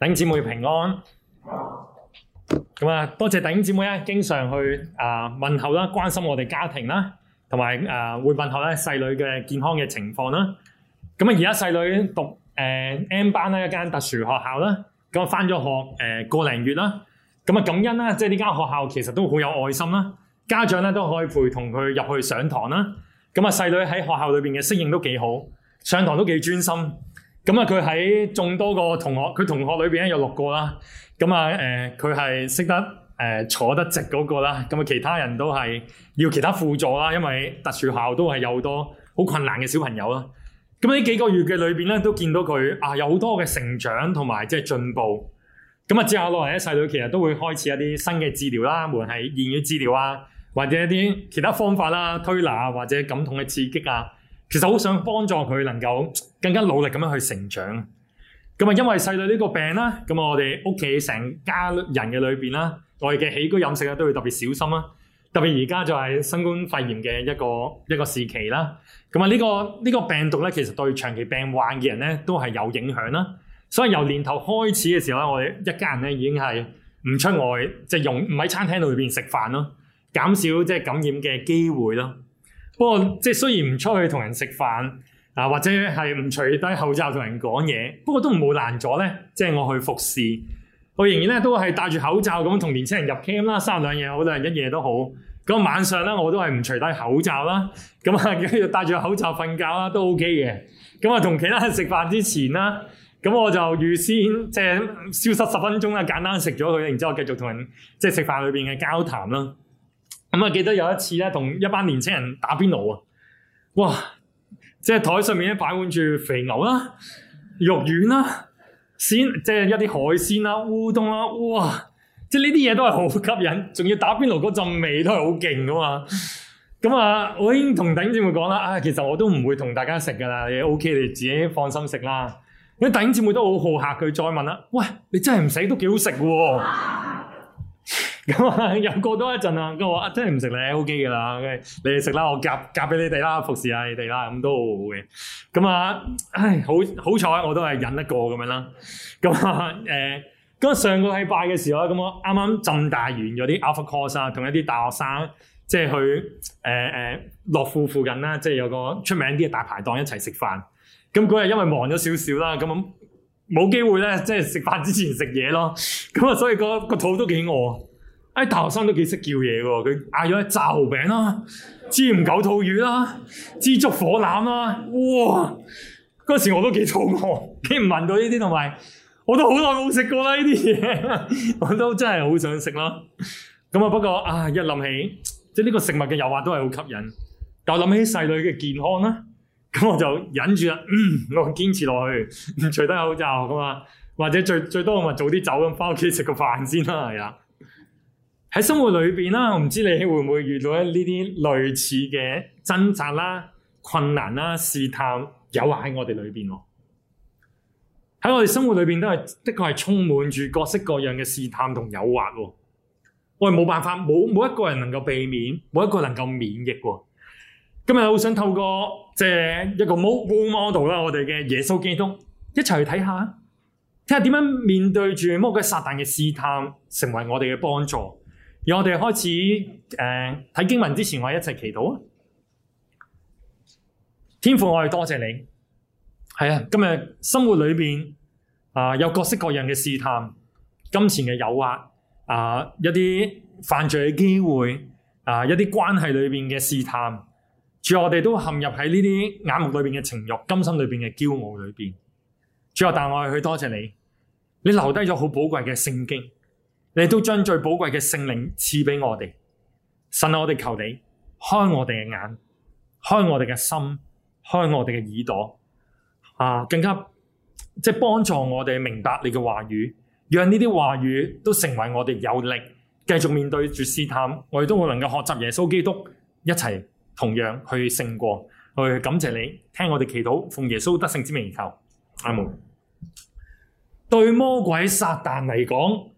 頂姐妹平安，多謝頂姐妹經常去問候關心我哋家庭同埋會問候細女嘅健康嘅情況啦。現在啊而家細女讀 M 班一間特殊學校啦。咁啊翻咗學個零月感恩啦，即係呢間學校其實都好有愛心家長都可以陪同佢入去上堂啦。咁細女喺學校裏面嘅適應都幾好，上堂都幾專心。咁啊，佢喺眾多個同學，佢同學裏面咧有六個啦。咁啊，佢係識得誒、呃、坐得直嗰、那個啦。咁啊，其他人都係要其他輔助啦，因為特殊學校都係有好多好困難嘅小朋友啦。咁喺幾個月嘅裏面咧，都見到佢啊，有好多嘅成長同埋即係進步。咁啊，接下落嚟一細女其實都會開始一啲新嘅治療啦，無論係言語治療啊，或者一啲其他方法啦，推拿或者感統嘅刺激啊。其實好想幫助佢能夠更加努力咁樣去成長。咁啊，因為細路呢個病啦，咁啊，我哋屋企成家人嘅裏邊啦，我哋嘅起居飲食咧都會特別小心啦。特別而家就係新冠肺炎嘅一個一個時期啦。咁啊，呢個呢個病毒咧，其實對長期病患嘅人咧都係有影響啦。所以由年頭開始嘅時候咧，我哋一家人咧已經係唔出外，即係用唔喺餐廳度裏邊食飯咯，減少即係感染嘅機會咯。不過，即係雖然唔出去同人食飯，啊或者係唔除低口罩同人講嘢，不過都唔冇難咗呢，即係我去服侍，我仍然咧都係戴住口罩咁同年輕人入 camp 啦，三兩日好，兩日一夜都好。咁晚上呢，我都係唔除低口罩啦，咁啊，繼續戴住口罩瞓覺啦都 OK 嘅。咁我同其他人食飯之前啦，咁我就預先即係消失十分鐘啦，簡單食咗佢，然之後繼續同人即係食飯裏面嘅交談啦。咁啊，記得有一次咧，同一班年青人打邊爐啊，哇！即係台上面咧擺滿住肥牛啦、肉丸啦、鮮即係一啲海鮮啦、烏冬啦，哇！即係呢啲嘢都係好吸引，仲要打邊爐嗰陣味都係好勁噶嘛。咁啊，我已經同弟兄姐妹講啦，啊，其實我都唔會同大家食噶啦，你 O K，你自己放心食啦。咁弟兄姐妹都好好客，佢再問啦：喂，你真係唔使都幾好食喎？咁啊， 又過多一陣啦，咁我真係唔食你 OK 嘅啦，你哋食啦，我夾夾俾你哋啦，服侍下你哋啦，咁都好好嘅。咁啊，唉，好好彩，我都係忍得過咁樣啦。咁啊，誒、呃，咁上個禮拜嘅時候，咁我啱啱浸大完咗啲 Alpha Course 啊，同一啲大學生即係去誒落樂富附近啦，即係有個出名啲嘅大排檔一齊食飯。咁嗰日因為忙咗少少啦，咁冇機會咧，即係食飯之前食嘢咯，咁啊，所以、嗰個、嗰個肚都幾餓。喺大學生都幾識叫嘢嘅，佢嗌咗一炸蠔餅啦、椒鹽九肚魚啦、支竹火腩啦，哇！嗰時我都幾肚餓，竟然聞到呢啲，同埋我都好耐冇食過啦呢啲嘢，我都真係好想食啦。咁啊，不過啊，一諗起即係呢個食物嘅誘惑都係好吸引，但係諗起細女嘅健康啦，咁我就忍住啦，嗯，我堅持落去，唔除低口罩咁嘛，或者最最多我咪早啲走咁，翻屋企食個飯先啦，係啊。喺生活裏面我唔知你會唔會遇到呢啲類似嘅掙扎啦、困難啦、試探、誘惑，喺我哋裏面，喺我哋生活裏面都係的確係充滿住各式各樣嘅試探同誘惑，我哋冇辦法，冇冇一個人能夠避免，冇一個人能夠免疫。今日好想透過即係、就是、一個 model m o 啦，我哋嘅耶穌基督一齊去睇下，睇下點樣面對住魔鬼撒旦嘅試探，成為我哋嘅幫助。讓我們開始、呃、看經文之前，我們一起祈禱。天父，我哋多謝，謝你。係啊，今天生活裏面啊、呃，有各式各樣的試探，金錢的誘惑啊、呃，一些犯罪的機會啊、呃，一些關係裏面的試探，主啊，我哋都陷入在這些眼目裏面的情慾，今生裏面的驕傲裏邊。主啊，但我哋去多謝，謝你，你留下了很寶貴的聖經。你都將最寶貴的聖靈賜俾我哋。神，我哋求你開我哋嘅眼，開我哋嘅心，開我哋嘅耳朵，啊，更加即係幫助我哋明白你的話語，讓這些話語都成為我哋有力，繼續面對住試探，我哋都能夠學習耶穌基督，一起同樣去勝過。我哋感謝你，聽我哋祈禱，奉耶穌得勝之名而求，阿門。對魔鬼撒旦來講。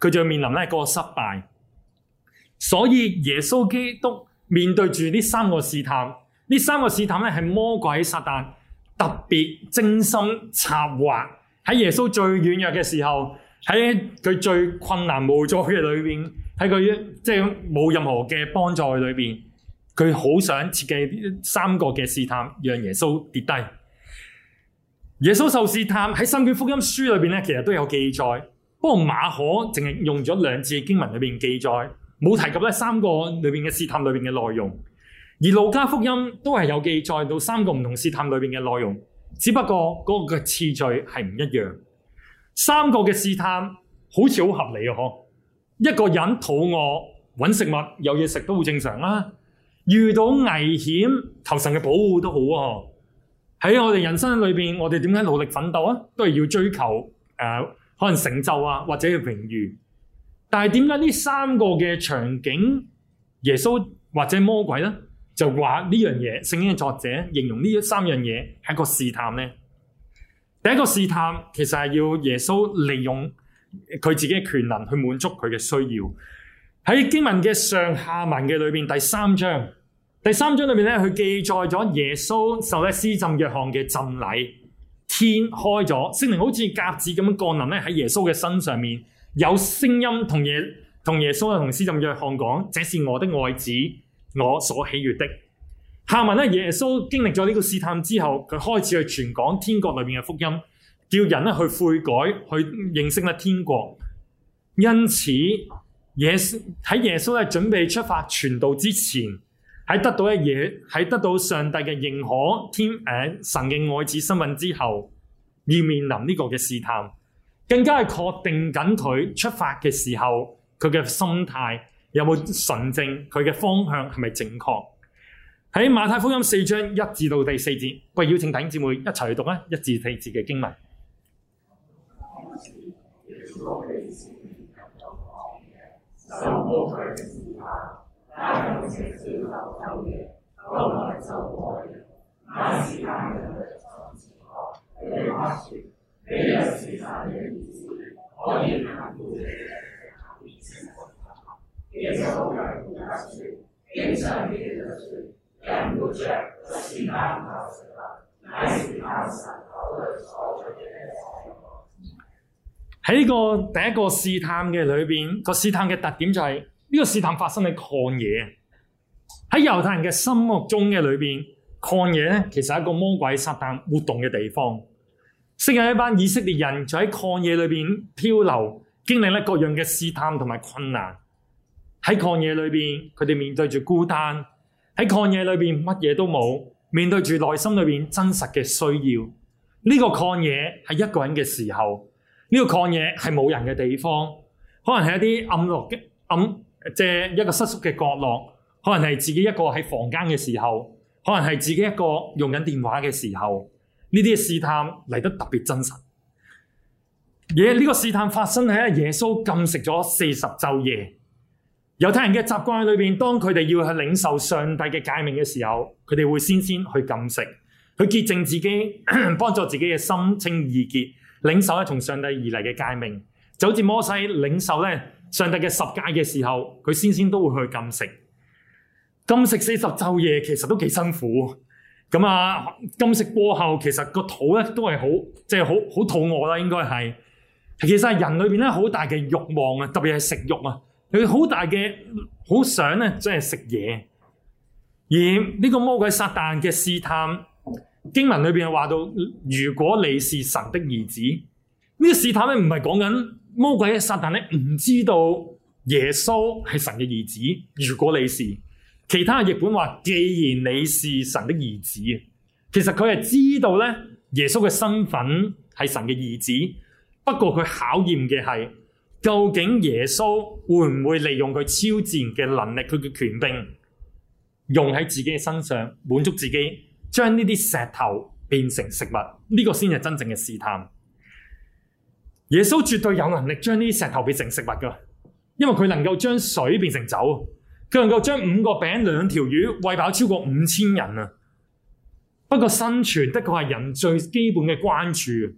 佢就面臨咧個失敗，所以耶穌基督面對住呢三個試探，呢三個試探是係魔鬼撒旦特別精心策劃喺耶穌最軟弱嘅時候，喺佢最困難無助嘅裏邊，喺佢即係冇任何嘅幫助裏邊，佢好想設計三個嘅試探，讓耶穌跌低。耶穌受試探喺新約福音書裏面其實都有記載。不過馬可淨係用咗兩字經文裏面記載，冇提及呢三個裏面嘅試探裏面嘅內容。而路加福音都係有記載到三個唔同試探裏面嘅內容，只不過嗰個次序係唔一樣。三個嘅試探好似好合理啊！嗬，一個人肚餓搵食物有嘢食都好正常啦。遇到危險求神嘅保護都好啊！喺我哋人生裏面，我哋點解努力奮鬥啊？都係要追求呃可能成就啊，或者榮譽，但係點解呢三個嘅場景，耶穌或者魔鬼呢，就話呢樣嘢？聖經嘅作者形容呢三樣嘢係一個試探呢。第一個試探其實係要耶穌利用佢自己嘅權能去滿足佢嘅需要。喺經文嘅上下文嘅裏邊，第三章第三章裏面呢，佢記載咗耶穌受呢施浸約翰嘅浸禮。天開咗，聖靈好似鴿子咁樣降臨喺耶穌嘅身上面，有聲音耶耶耶穌同耶同穌啊同施浸約翰講：這是我的愛子，我所喜悅的。下文咧，耶穌經歷咗呢個試探之後，佢開始去傳講天國裏面嘅福音，叫人去悔改，去認識咧天國。因此耶，耶喺耶穌準備出發傳道之前。喺得到一嘢，喺得到上帝嘅認可，天嘅神嘅愛子身份之後，要面臨呢個嘅試探，更加係確定緊佢出發嘅時候，佢嘅心態有冇純正，佢嘅方向係咪正確在？喺馬太福音四章一至到第四節，我邀請弟兄姊妹一齊去讀咧一至四節嘅經文。文有喺呢個第一個試探嘅裏邊，個試探嘅特點就係、是。呢個試探發生喺曠野喺猶太人嘅心目中嘅裏面，曠野其實係一個魔鬼撒旦活動嘅地方。昔日一班以色列人就喺曠野裏面漂流，經歷咗各樣嘅試探同埋困難。喺曠野裏面，佢哋面對住孤單；喺曠野裏面，乜嘢都冇，面對住內心裏面真實嘅需要。呢個曠野係一個人嘅時候，呢個曠野係冇人嘅地方，可能係一啲暗落嘅暗。借一個失足嘅角落，可能係自己一個喺房間嘅時候，可能係自己一個用緊電話嘅時候，呢啲嘅試探嚟得特別真實。而呢、這個試探發生喺耶穌禁食咗四十晝夜，猶太人嘅習慣裏面，當佢哋要去領受上帝嘅誡命嘅時候，佢哋會先先去禁食，去潔淨自己，幫助自己嘅心清意潔，領受咧從上帝而嚟嘅誡命，就好似摩西領受呢。上帝嘅十戒嘅時候，佢先先都會去禁食，禁食四十晝夜其其，其實都幾辛苦。咁啊，禁食過後，其實個肚呢都係好，即係好好肚餓啦，應該係。其實係人裏面呢，好大嘅慾望啊，特別係食慾啊，佢好大嘅好想呢，真係食嘢。而呢個魔鬼撒旦嘅試探，經文裏面話到，如果你是神的兒子，呢、呢個試探呢，唔係講緊。魔鬼、撒旦咧唔知道耶穌係神嘅兒子。如果你是其他譯本話，既然你是神的兒子，其實佢係知道呢：耶穌嘅身份係神嘅兒子。不過佢考驗嘅係：究竟耶穌會唔會利用佢超自然嘅能力，佢嘅權柄用喺自己嘅身上，滿足自己，將呢啲石頭變成食物，呢、這個先係真正嘅試探。耶穌絕對有能力將呢啲石頭變成食物㗎，因為佢能夠將水變成酒，佢能夠將五個餅兩條魚餵飽超過五千人啊！不過生存的確係人最基本嘅關注，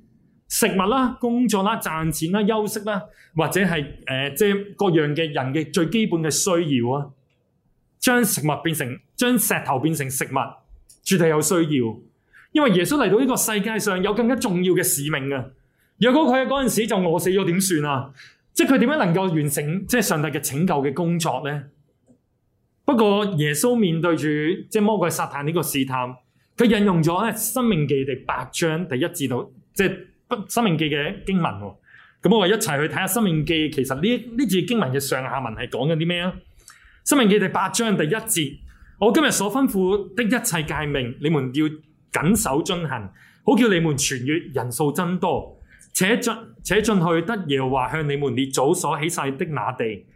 食物啦、啊、工作啦、啊、賺錢啦、啊、休息啦、啊，或者係誒、呃、即係各樣嘅人嘅最基本嘅需要啊！將食物變成將石頭變成食物，絕對有需要，因為耶穌嚟到呢個世界上有更加重要嘅使命啊！如果佢嗰陣時候就餓死咗點算啊？即係佢點樣能夠完成即係上帝嘅拯救嘅工作呢？不過耶穌面對住即係魔鬼撒旦呢個試探，佢引用咗《生命記》第八章第一至到，即係《生命記》嘅經文。咁我哋一齊去睇下《生命記》，其實呢呢段經文嘅上下文係講緊啲咩啊？《生命記》第八章第一節，我今日所吩咐的一切誡命，你們要謹守遵行，好叫你們傳閱人數增多。且進且進去得耶和華向你們列祖所起誓的那地，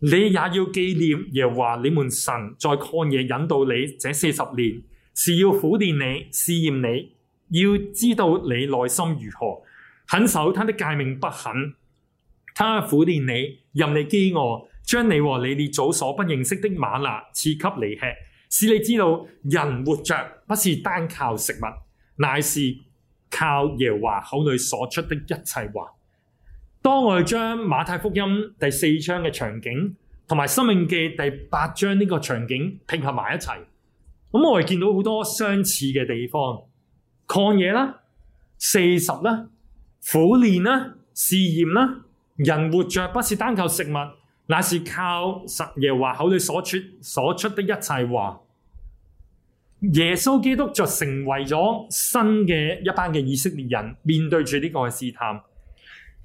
你也要記念耶和華你們神在曠野引導你這四十年，是要苦煉你試驗你，要知道你內心如何，肯守他的誡命不肯。他苦煉你，任你飢餓，將你和你列祖所不認識的嗎哪賜給你吃，使你知道人活着不是單靠食物，乃是。靠耶華口裏所出的一切話。當我哋將馬太福音第四章嘅場景同埋申命記第八章呢個場景拼合埋一齊，咁我哋見到好多相似嘅地方：曠野啦、四十啦、苦練啦、試驗啦。人活着不是單靠食物，乃是靠神耶華口裏所出所出的一切話。耶穌基督就成為咗新嘅一班嘅以色列人，面對住呢個試探。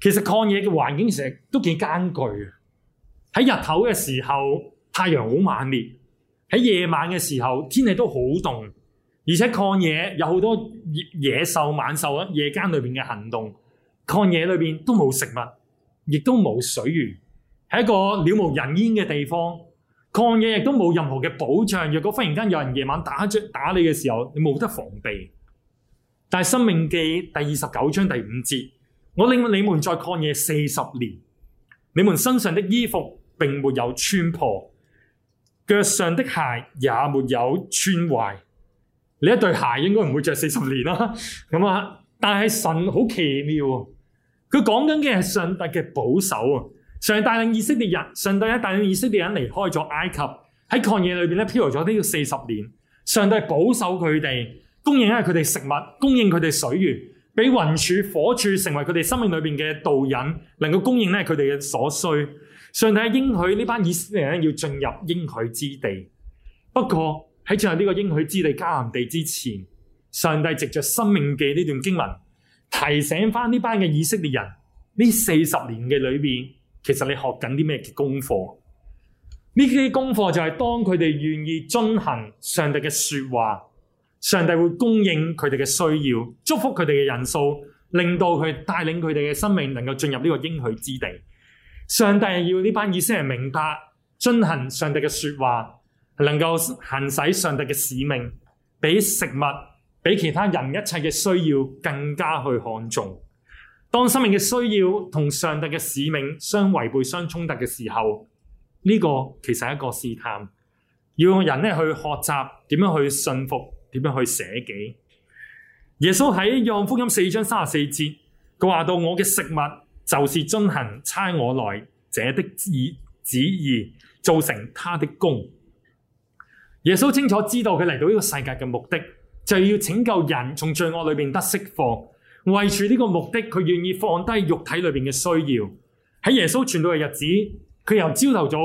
其實曠野嘅環境成日都幾艱巨啊！喺日頭嘅時候，太陽好猛烈；喺夜晚嘅時候，天氣都好凍。而且曠野有好多野獸、晚獸啊，夜間裏面嘅行動，曠野裏面都冇食物，亦都冇水源，喺一個渺無人煙嘅地方。曠野亦都冇任何嘅保障，若果忽然間有人夜晚打着打你嘅時候，你冇得防備。但係《生命記》第二十九章第五節，我領你們在曠野四十年，你們身上的衣服並沒有穿破，腳上的鞋也沒有穿壞。你一對鞋應該唔會著四十年啦，咁啊！但係神好奇妙，佢講緊嘅係上帝嘅保守啊。上帝帶領以色列人，上帝帶領以色列人離開咗埃及，喺曠野裏面漂流咗呢個四十年。上帝保守佢哋，供應佢哋食物，供應佢哋水源，俾雲柱火柱成為佢哋生命裏面嘅導引，能夠供應咧佢哋嘅所需。上帝應許呢班以色列人要進入應許之地，不過喺進入呢個應許之地迦南地之前，上帝藉着《生命記》呢段經文提醒翻呢班嘅以色列人，呢四十年嘅裏面。其實你學緊啲咩嘅功課？呢啲功課就係當佢哋願意遵行上帝嘅說話，上帝會供應佢哋嘅需要，祝福佢哋嘅人數，令到佢帶領佢哋嘅生命能夠進入呢個應許之地。上帝要呢班以色列明白遵行上帝嘅說話，能夠行使上帝嘅使命，比食物，比其他人一切嘅需要更加去看重。當生命嘅需要同上帝嘅使命相違背、相衝突嘅時候，呢、這個其實是一個試探，要人去學習點樣去信服，點樣去捨己。耶穌喺約翰福音四章三十四節，佢話到：我嘅食物就是遵行差我來者的旨意，造成他的功。耶穌清楚知道佢嚟到呢個世界嘅目的，就是要拯救人從罪惡裏面得釋放。為住呢個目的，佢願意放低肉體裏面嘅需要。喺耶穌傳道嘅日子，佢由朝頭早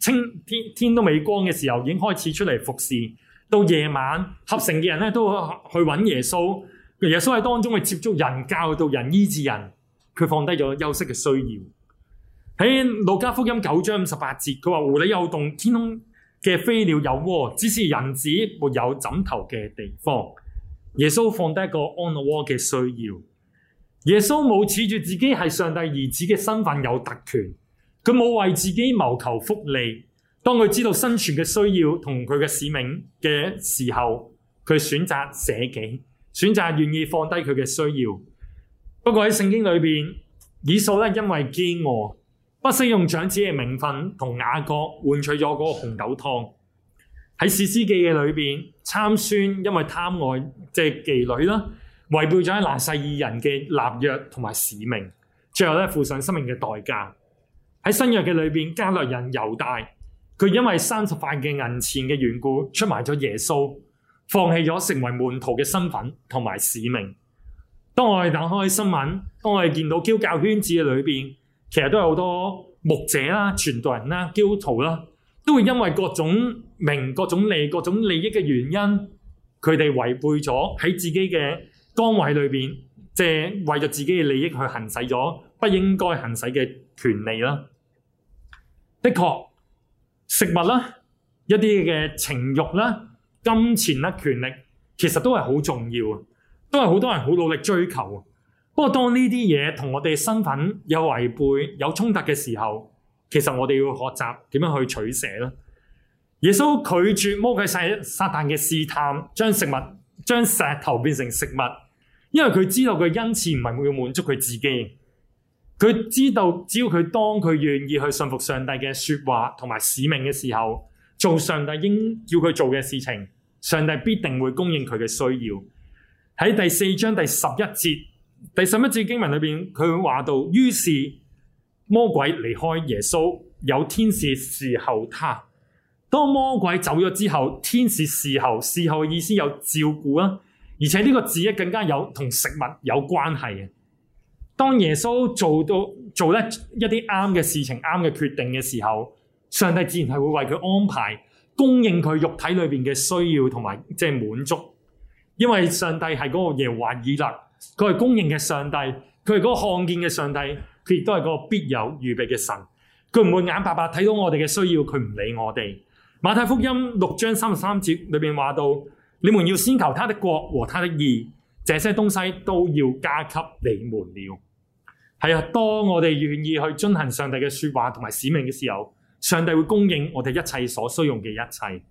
清天天都未光嘅時候，已經開始出嚟服侍，到夜晚合城嘅人呢都去搵耶穌。耶穌喺當中去接觸人、教到人、醫治人，佢放低咗休息嘅需要。喺路加福音九章五十八節，佢話：「狐狸有洞，天空嘅飛鳥有窩，只是人子沒有枕頭嘅地方。耶穌放低一個 on the wall 嘅需要，耶穌冇恃住自己係上帝兒子嘅身份有特權，佢冇為自己謀求福利。當佢知道生存嘅需要同佢嘅使命嘅時候，佢選擇捨己，選擇願意放低佢嘅需要。不過喺聖經裏邊，以掃呢因為飢餓，不惜用長子嘅名分同雅各換取咗嗰個紅豆湯。喺《士師記》嘅裏邊，參孫因為貪愛即係妓女啦，違背咗喺拿細耳人嘅立約同埋使命，最後咧，付上生命嘅代價。喺《新約》嘅裏邊，加略人猶大，佢因為三十塊嘅銀錢嘅緣故，出賣咗耶穌，放棄咗成為門徒嘅身份同埋使命。當我哋打開新聞，當我哋見到教教圈子嘅裏邊，其實都有好多牧者啦、傳道人啦、教徒啦，都會因為各種。明各種利各種利益嘅原因，佢哋違背咗喺自己嘅崗位裏面，即係為咗自己嘅利益去行使咗不應該行使嘅權利。的確，食物啦，一啲嘅情慾啦、金錢啦、權力，其實都係好重要，都係好多人好努力追求。不過，當呢啲嘢同我哋身份有違背、有衝突嘅時候，其實我哋要學習點樣去取捨啦。耶穌拒絕魔鬼撒、撒旦的嘅試探，將食物、將石頭變成食物，因為佢知道佢恩賜唔係會滿足佢自己。佢知道，只要佢當佢願意去信服上帝嘅說話同埋使命嘅時候，做上帝應叫佢做嘅事情，上帝必定會供應佢嘅需要。喺第四章第十一節、第十一節經文裏面，佢會話到：，於是魔鬼離開耶穌，有天使侍候他。當魔鬼走咗之後，天使侍候，侍候嘅意思有照顧啊，而且呢個字咧，更加有同食物有關係。當耶穌做到做一一啲啱嘅事情、啱嘅決定嘅時候，上帝自然係會為佢安排供應佢肉體裏面嘅需要同埋即係滿足，因為上帝係嗰個耶和華以勒，佢係供應嘅上帝，佢係嗰個看見嘅上帝，佢亦都係嗰個必有預備嘅神，佢唔會眼白白睇到我哋嘅需要，佢唔理我哋。馬太福音六章三十三節裏面話到：你們要先求他的國和他的義，這些東西都要加給你們了。係啊，當我哋願意去遵行上帝嘅說話同埋使命嘅時候，上帝會供應我哋一切所需用嘅一切。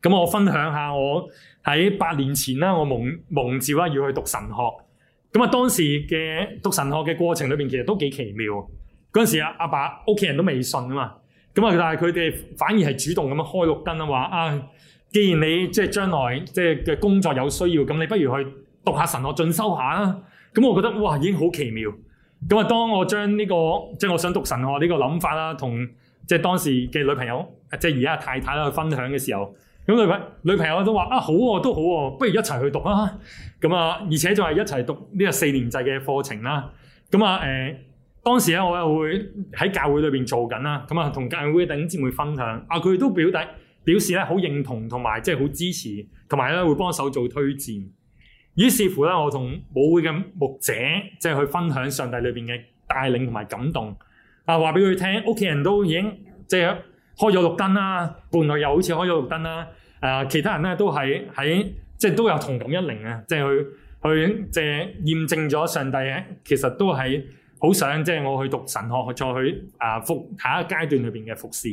咁我分享下，我喺八年前呢，我蒙蒙召要去讀神學。咁當時嘅讀神學嘅過程裏面，其實都幾奇妙。嗰時阿爸屋企人都未信吖嘛。咁啊！但係佢哋反而係主動咁樣開綠燈啊，話啊，既然你即係將來即係嘅工作有需要，咁你不如去讀下神學進修一下啦。咁我覺得哇，已經好奇妙。咁啊，當我將呢、這個即係我想讀神學呢個諗法啦，同即係當時嘅女朋友，即係而家太太啦去分享嘅時候，咁女朋友都話啊，好喎、啊，都好喎、啊，不如一齊去讀啦。」咁啊，而且就係一齊讀呢個四年制嘅課程啦。咁啊，呃當時咧，我又會喺教會裏邊做緊啦，咁啊，同教會嘅弟兄姊妹分享，啊，佢都表達表示咧好認同，同埋即係好支持，同埋咧會幫手做推薦。於是乎咧，我同母會嘅牧者即係去分享上帝裏邊嘅帶領同埋感動，啊，話俾佢聽，屋企人都已經即係、就是、開咗綠燈啦，伴侶又好似開咗綠燈啦，啊、呃，其他人咧都喺喺即係都有同感一靈啊，即係去去即係驗證咗上帝咧，其實都喺。好想即係我去讀神學，去再去啊服下一階段裏面嘅服侍。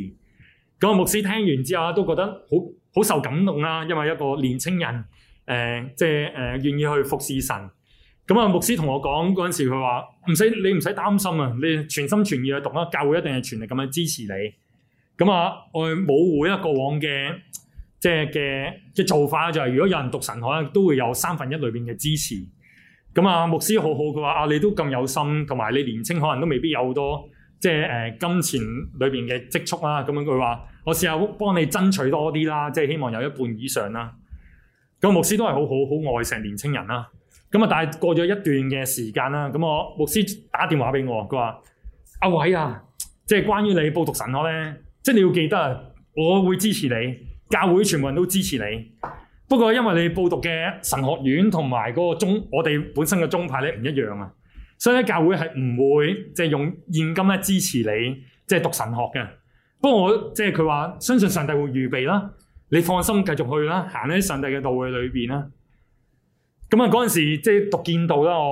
咁啊，牧師聽完之後啊，都覺得好好受感動啦，因為一個年青人誒，即係誒願意去服侍神。咁啊，牧師同我講嗰陣時，佢話唔使你唔使擔心啊，你全心全意去讀啦，教會一定係全力咁樣支持你。咁啊，我哋母會一過往嘅即係嘅嘅做法就係、是，如果有人讀神學都會有三分一裏面嘅支持。咁啊，牧師好好，佢話：啊，你都咁有心，同埋你年青，可能都未必有好多，即係誒金錢裏邊嘅積蓄啦。咁樣佢話：我試下幫你爭取多啲啦，即係希望有一半以上啦。咁牧師都係好好好愛錫年青人啦。咁啊，但係過咗一段嘅時間啦，咁我牧師打電話俾我，佢話：阿偉啊，即係關於你報讀神學咧，即係你要記得啊，我會支持你，教會全部人都支持你。不過，因為你報讀嘅神學院同埋嗰個我哋本身嘅宗派不唔一樣啊，所以教會係唔會即係用現金支持你即係讀神學嘅。不過我即係佢話，相信上帝會預備啦，你放心繼續去啦，行喺上帝嘅道路裏面咁，咁啊，嗰陣時即係讀建道啦，我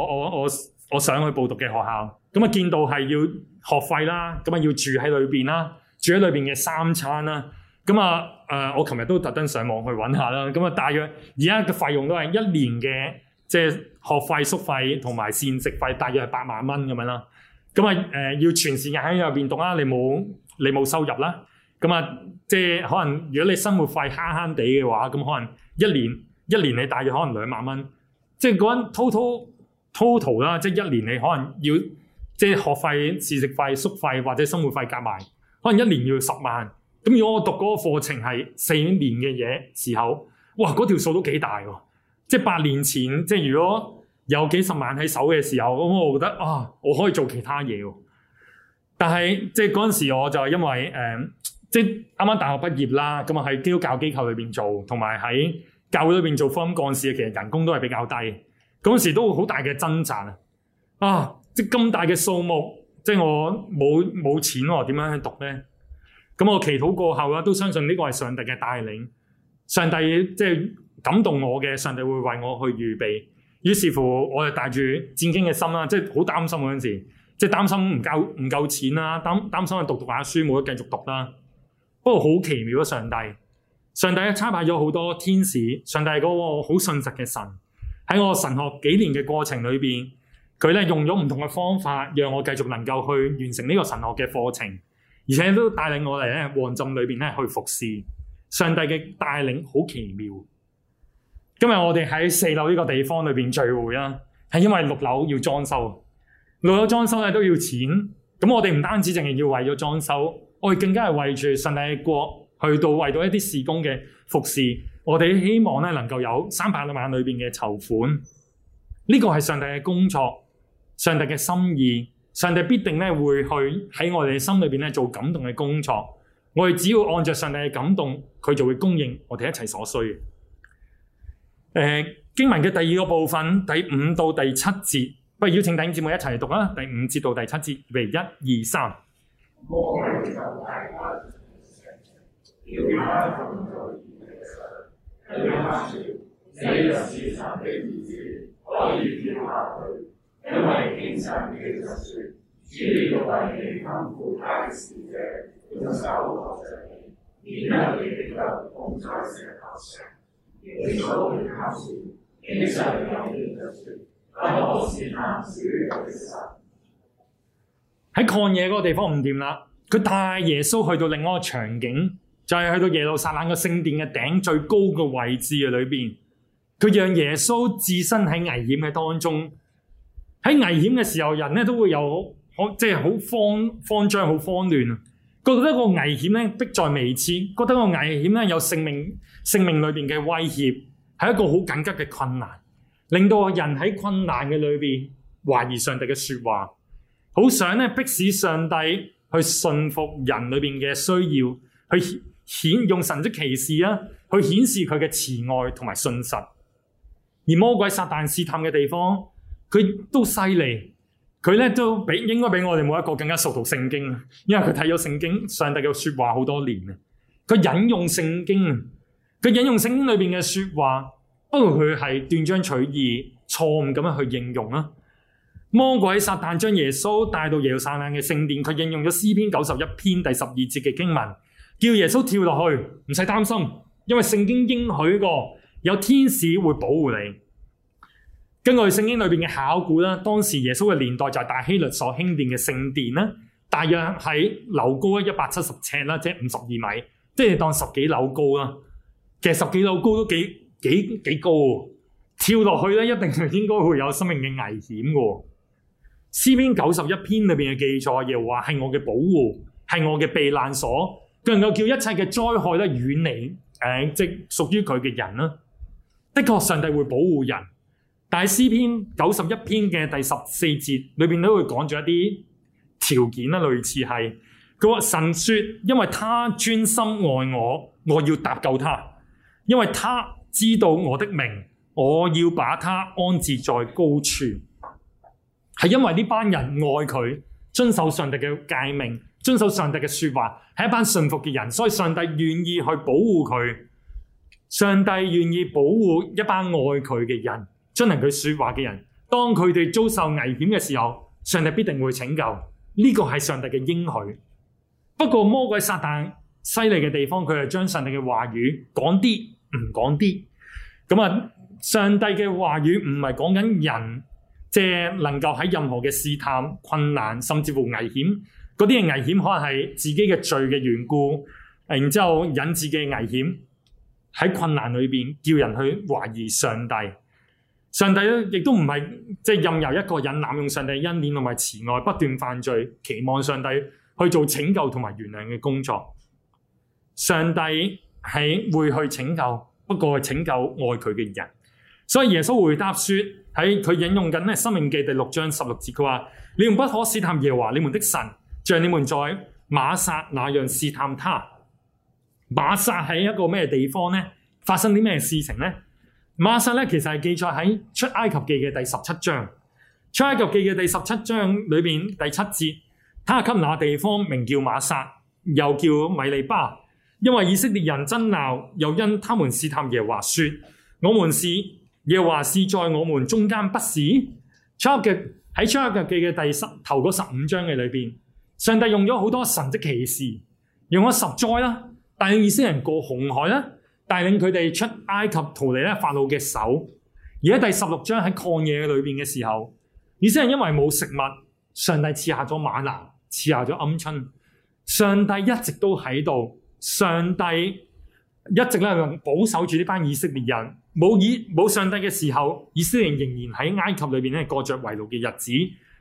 我，我想去報讀嘅學校，咁啊建道係要學費啦，咁啊要住喺裏面啦，住喺裏面嘅三餐啦，咁啊。誒、呃，我琴日都特登上網去揾下啦，咁啊，大約而家嘅費用都係一年嘅，即係學費、宿費同埋膳食費，大約係八萬蚊咁樣啦。咁啊，誒要全時間喺入邊讀啦，你冇你冇收入啦。咁啊，即係可能如果你生活費慳慳地嘅話，咁可能一年一年你大約可能兩萬蚊。即係嗰陣 total total 啦，即係一年你可能要即係學費、膳食費、宿費或者生活費夾埋，可能一年要十萬。咁如果我讀嗰個課程係四年嘅嘢時候，哇！嗰條數都幾大喎！即八年前，即如果有幾十萬喺手嘅時候，咁我覺得啊，我可以做其他嘢喎。但係即嗰陣時，我就因為誒、呃，即啱啱大學畢業啦，咁喺基督教機構裏面做，同埋喺教會裏面做福音幹事，其實人工都係比較低。嗰陣時候都好大嘅掙扎啊！即係咁大嘅數目，即我冇冇錢喎、啊，點樣去讀呢？咁我祈禱過後啦，都相信呢個係上帝嘅帶領。上帝即係感動我嘅，上帝會為我去預備。於是乎，我就帶住戰兢嘅心啦，即係好擔心嗰陣時，即係擔心唔夠唔夠錢啦，擔擔心去讀讀下書冇得繼續讀啦。不過好奇妙啊！上帝，上帝差派咗好多天使，上帝嗰個好信實嘅神喺我神學幾年嘅過程裏面，佢咧用咗唔同嘅方法，讓我繼續能夠去完成呢個神學嘅課程。而且都帶領我來咧，王裏面去服侍。上帝嘅帶領，好奇妙。今日我哋喺四樓呢個地方裏面聚會啦，係因為六樓要裝修，六樓裝修都要錢。噉我哋唔單止淨係要為咗裝修，我哋更加係為住上帝嘅國去到為到一啲事工嘅服侍。我哋希望呢能夠有三百六萬裏面嘅籌款，呢個係上帝嘅工作，上帝嘅心意。上帝必定咧會去喺我哋心裏邊咧做感動嘅工作，我哋只要按著上帝嘅感動，佢就會供應我哋一切所需嘅。誒，經文嘅第二個部分，第五到第七節，不如邀請弟兄姊妹一齊讀啦。第五節到第七節，預備一、二、三。他他喺曠野嗰個地方唔掂啦，佢帶耶穌去到另外一個場景，就係、是、去到耶路撒冷個聖殿嘅頂最高嘅位置嘅裏邊，佢讓耶穌置身喺危險嘅當中。喺危險嘅時候，人都會有好慌慌張、好慌亂，覺得個危險咧迫在眉睫，覺得個危，危險有性命性命裏面嘅威脅，係一個好緊急嘅困難，令到人喺困難嘅裏面懷疑上帝嘅說話，好想咧迫使上帝去信服人裏面嘅需要，去顯用神蹟奇事啊，去顯示佢嘅慈愛同埋信實。而魔鬼撒旦試探嘅地方。佢都犀利，佢呢都比應該比我哋每一個更加熟讀聖經，因為佢睇咗聖經，上帝嘅説話好多年。佢引用聖經，佢引用聖經裏面嘅説話，不過佢係斷章取義、錯誤咁樣去應用啦。魔鬼撒旦將耶穌帶到耶路撒冷嘅聖殿，佢引用咗詩篇九十一篇第十二節嘅經文，叫耶穌跳落去，唔使擔心，因為聖經應許過有天使會保護你。根據聖經裏面嘅考古啦，當時耶穌嘅年代就係大希律所興建嘅聖殿，大約喺樓高一百七十尺，即係五十二米，即係當十幾樓高。其實十幾樓高都幾高，跳落去一定應該會有生命嘅危險嘅。詩篇九十一篇裏面嘅記載又話係我嘅保護，係我嘅避難所，佢能夠叫一切嘅災害咧遠離、呃、即係屬於佢嘅人。的確，上帝會保護人。但係詩篇九十一篇嘅第十四節裏面都會講咗一啲條件啦，類似係佢話神說，因為他專心愛我，我要搭救他，因為他知道我的名，我要把他安置在高處，係因為呢班人愛佢，遵守上帝嘅誡命，遵守上帝嘅說話，係一班信服嘅人，所以上帝願意去保護佢，上帝願意保護一班愛佢嘅人。遵行佢說話嘅人，當佢哋遭受危險嘅時候，上帝必定會拯救。呢、這個係上帝嘅應許。不過魔鬼撒旦犀利嘅地方，佢係將上帝嘅話語講啲唔講啲。咁啊，上帝嘅話語唔係講緊人，即係能夠喺任何嘅試探、困難，甚至乎危險嗰啲嘅危險，危險可能係自己嘅罪嘅緣故，然之後引致嘅危險喺困難裏面，叫人去懷疑上帝。上帝亦都唔係即任由一個人濫用上帝的恩典同埋慈愛不斷犯罪，期望上帝去做拯救同埋原諒嘅工作。上帝係會去拯救，不過係拯救愛佢嘅人。所以耶穌回答說：喺佢引用緊係《申命記》第六章十六節，佢話：你們不可試探耶和華你們的神，像你們在瑪撒那樣試探他。瑪撒喺一個咩地方呢？發生啲咩事情呢？馬薩呢，其實係記載喺出埃及記嘅第十七章，出埃及記嘅第十七章裏面第七節，他給那地方名叫馬薩，又叫米利巴，因為以色列人爭鬧，又因他們試探耶和華，說：我們是耶和華是在我們中間不是？是出埃及在出埃及記嘅第十頭嗰十五章嘅裏面，上帝用咗好多神蹟奇事，用咗十災啦，帶領以色列人過紅海帶領佢哋出埃及逃離咧法老嘅手。而喺第十六章喺曠野裏面嘅時候，以色列因為冇食物，上帝賜下咗嗎哪，賜下咗鵪鶉。上帝一直都喺度，上帝一直咧保守住呢班以色列人。冇以冇上帝嘅時候，以色列人仍然喺埃及裏面咧過着為奴嘅日子，